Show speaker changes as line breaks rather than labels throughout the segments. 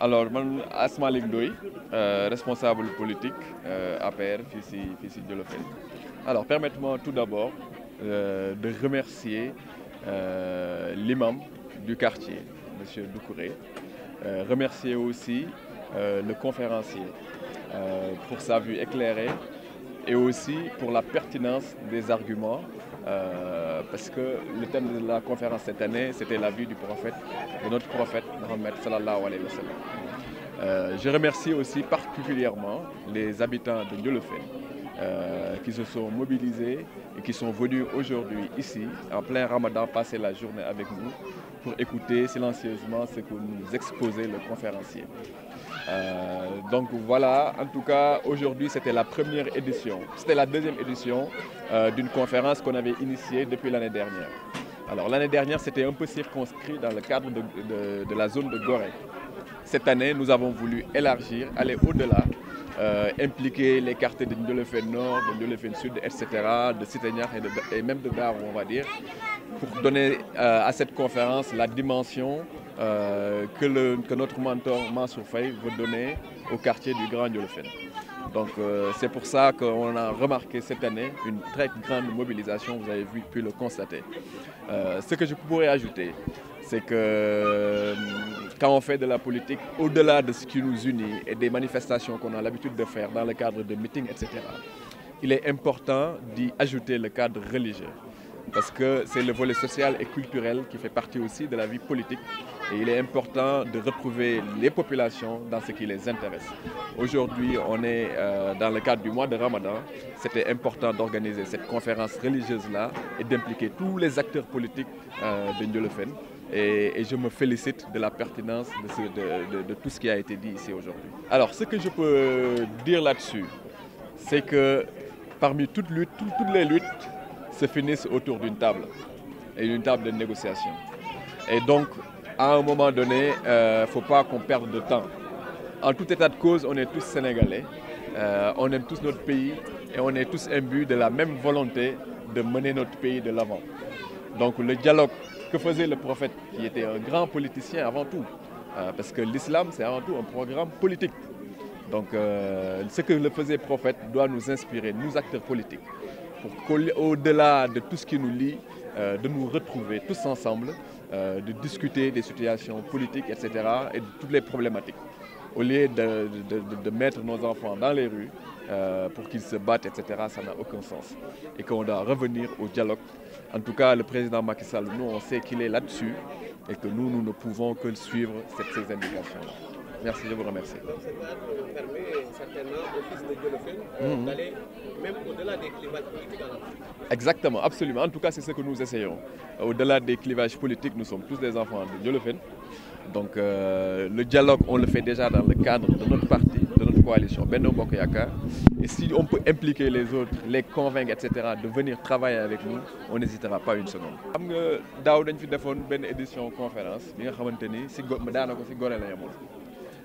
alors Mme Asma Doui, euh, responsable politique à Père Fissi de alors permettez-moi tout d'abord euh, de remercier euh, l'imam du quartier M. Doucouré remercier aussi le conférencier pour sa vue éclairée et aussi pour la pertinence des arguments euh, parce que le thème de la conférence cette année, c'était la vie du prophète, de notre prophète Mohammed sallallahu alayhi wa euh, je remercie aussi particulièrement les habitants de Euh, se sont mobilisés et qui sont venus aujourd'hui ici, en plein ramadan, passer la journée avec nous pour écouter silencieusement ce que nous exposait le conférencier. Euh, donc voilà, en tout cas, aujourd'hui c'était la première édition, c'était la deuxième édition euh, d'une conférence qu'on avait initiée depuis l'année dernière. Alors l'année dernière c'était un peu circonscrit dans le cadre de, de la zone de Gorée. Cette année nous avons voulu élargir, aller au-delà euh, impliquer les quartiers de Ndjolefène Nord, de Ndjolefène Sud, etc., de Citaignard et, même de Dar, on va dire, pour donner euh, à cette conférence la dimension euh, que, notre mentor Mansour veut donner au quartier du Grand Ndjolefène. Donc c'est pour ça qu'on a remarqué cette année une très grande mobilisation, vous avez vu, pu le constater. ce que je pourrais ajouter, c'est que quand on fait de la politique, au-delà de ce qui nous unit et des manifestations qu'on a l'habitude de faire dans le cadre de meetings, etc., il est important d'y ajouter le cadre religieux. Parce que c'est le volet social et culturel qui fait partie aussi de la vie politique. Et il est important de retrouver les populations dans ce qui les intéresse. Aujourd'hui, on est euh, dans le cadre du mois de Ramadan. C'était important d'organiser cette conférence religieuse-là et d'impliquer tous les acteurs politiques euh, de Ndiolofen. Et, je me félicite de la pertinence de, tout ce qui a été dit ici aujourd'hui. Alors, ce que je peux dire là-dessus, c'est que parmi toutes, luttes, toutes, les luttes se finissent autour d'une table, et d'une table de négociation. Et donc, à un moment donné, il euh, ne faut pas qu'on perde de temps. En tout état de cause, on est tous sénégalais, euh, on aime tous notre pays et on est tous imbus de la même volonté de mener notre pays de l'avant. Donc le dialogue que faisait le prophète, qui était un grand politicien avant tout. Euh, parce que l'islam, c'est avant tout un programme politique. Donc, euh, ce que le faisait le prophète doit nous inspirer, nous acteurs politiques, pour qu'au-delà de tout ce qui nous lie, euh, de nous retrouver tous ensemble, de discuter des situations politiques, etc., et de toutes les problématiques au lieu de, mettre nos enfants dans les rues euh, pour qu'ils se battent, etc., ça n'a aucun sens. Et qu'on doit revenir au dialogue. En tout cas, le président Macky Sall, nous, on sait qu'il est là-dessus et que nous, nous ne pouvons que suivre ces indications-là. Merci, je vous remercie. permet certainement au fils de d'aller
même au-delà des clivages politiques
Exactement, absolument. En tout cas, c'est ce que nous essayons. Au-delà des clivages politiques, nous sommes tous des enfants de Dieu Donc, euh, le dialogue, on le fait déjà dans le cadre de notre parti, de notre coalition, Beno Et si on peut impliquer les autres, les convaincre, etc., de venir travailler avec nous, on n'hésitera pas une seconde. conférence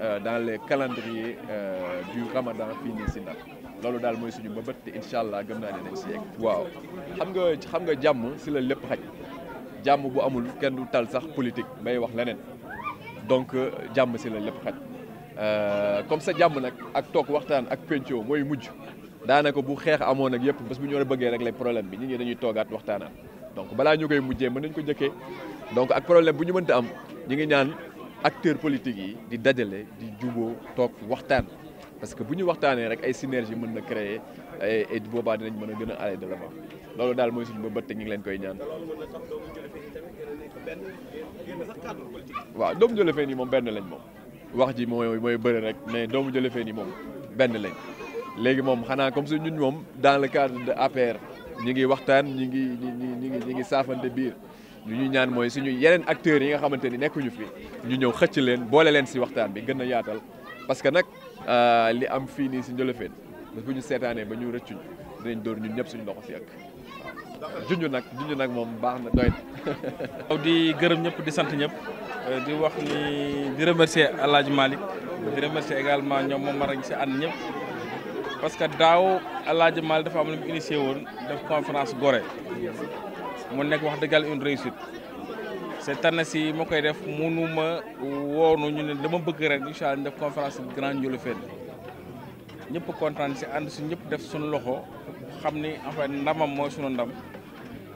Euh, dans le calendrier euh, du Ramadan fii nii si Ndar loolu suñu mbëbët te inshallah gëm naa ne ci si waaw xam nga xam nga jamm ci la lépp xaj jàmm bu amul kenn du tal sax politique bay wax leneen donc euh, jamm ci la lépp xaj euh, comme ça jamm nak ak tok waxtaan ak penco moy mujj danaka bu xex amone ak yep bés bu ñu war a bëggee régler problème bi ñi ñi dañuy toogaat waxtaanaat donc bala ñu koy mujjé mën nañ ko jëkkee donc ak problème bu ñu mënta am ñi ngi ñaan. acteur politiques yi di dajale di juboo toog waxtaan parce que bu ñu waxtaanee rek ay synergie mën na créer et boobaa dinañ mën a gën a aller de l'avant loolu daal mooy suñu bëbët te ñu ngi leen koy ñaan. waaw doomu jëlefeen yi moom benn lañ moom wax ji mooy mooy bëri rek mais doomu jëlefeen yi moom benn lañ léegi moom xanaa comme si ñun moom dans le cadre de APR ñu ngi waxtaan ñu ngi ñu ngi ñu ngi ñu ngi saafante biir. lu ñuy ñaan mooy suñu yeneen acteur yi nga xamante ni nekkuñu fi ñu ñëw xëcc leen boole leen si waxtaan bi gën a yaatal parce que nag euh, li am fii nii si Njolofeen parce ñu seetaanee ba ñu rëccuñ dinañ dóor ñëpp suñu loxo si ak waaw
junj nag junj nag moom baax na doy na. di gërëm ñëpp di sant ñëpp euh, di wax ni di remercier El Hadj Malick di remercier également ñoom moom marañ si ànd ñëpp parce que daaw El Hadj Malick dafa am lu mu initié woon def conférence Gorée. mu nekk wax dëggal une réussite c' est année si ma koy def munuma woonu ñu ne dama bëgg rek incha allah def conférence bi grand ñu ñëpp contente si ànd si ñëpp def suñu loxo xam ni en fait ndamam mooy sunu ndam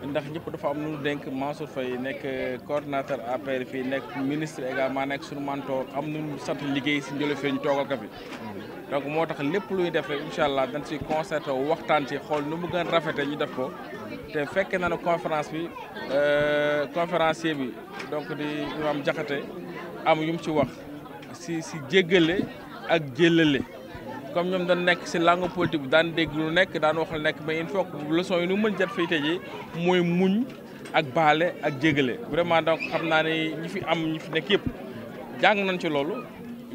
ndax ñëpp dafa am nu dénk Mansour Faye nekk coordonnateur APR fii nekk ministre maa nekk suñu mentor am nu sant liggéey si njële fii ñu toogal fi donc moo tax lépp lu ñu def rek incha allah dañ si concerté waxtaan ci xool nu mu gën rafete ñu def ko te fekk na ne conférence bi euh, conférencier bi donc di am jaxate am yu mu ci wax si si jéggale ak jëlale comme ñoom dañ nekk si langue politique bi daan dégg lu nekk daan wax nekk mais il faut que leçon yi nu mën jot fay tëjee mooy muñ ak baale ak jégale vraiment donc xam naa ne ñi fi am ñi fi nekk yëpp jàng nañ ci loolu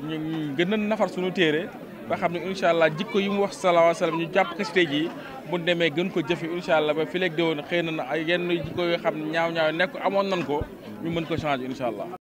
ñu gën a nafar suñu téere ba xam ne incha allah jikko yi mu wax sallallahu alayhi wasallam ñu jàpp ko si tey jii bu demee gën ko jëfe incha allah ba fileeg déwoon xëy na na yenn jikko yoo xam ne ñaaw-ñaaw nekk amoon nañ ko ñu mën ko changer incha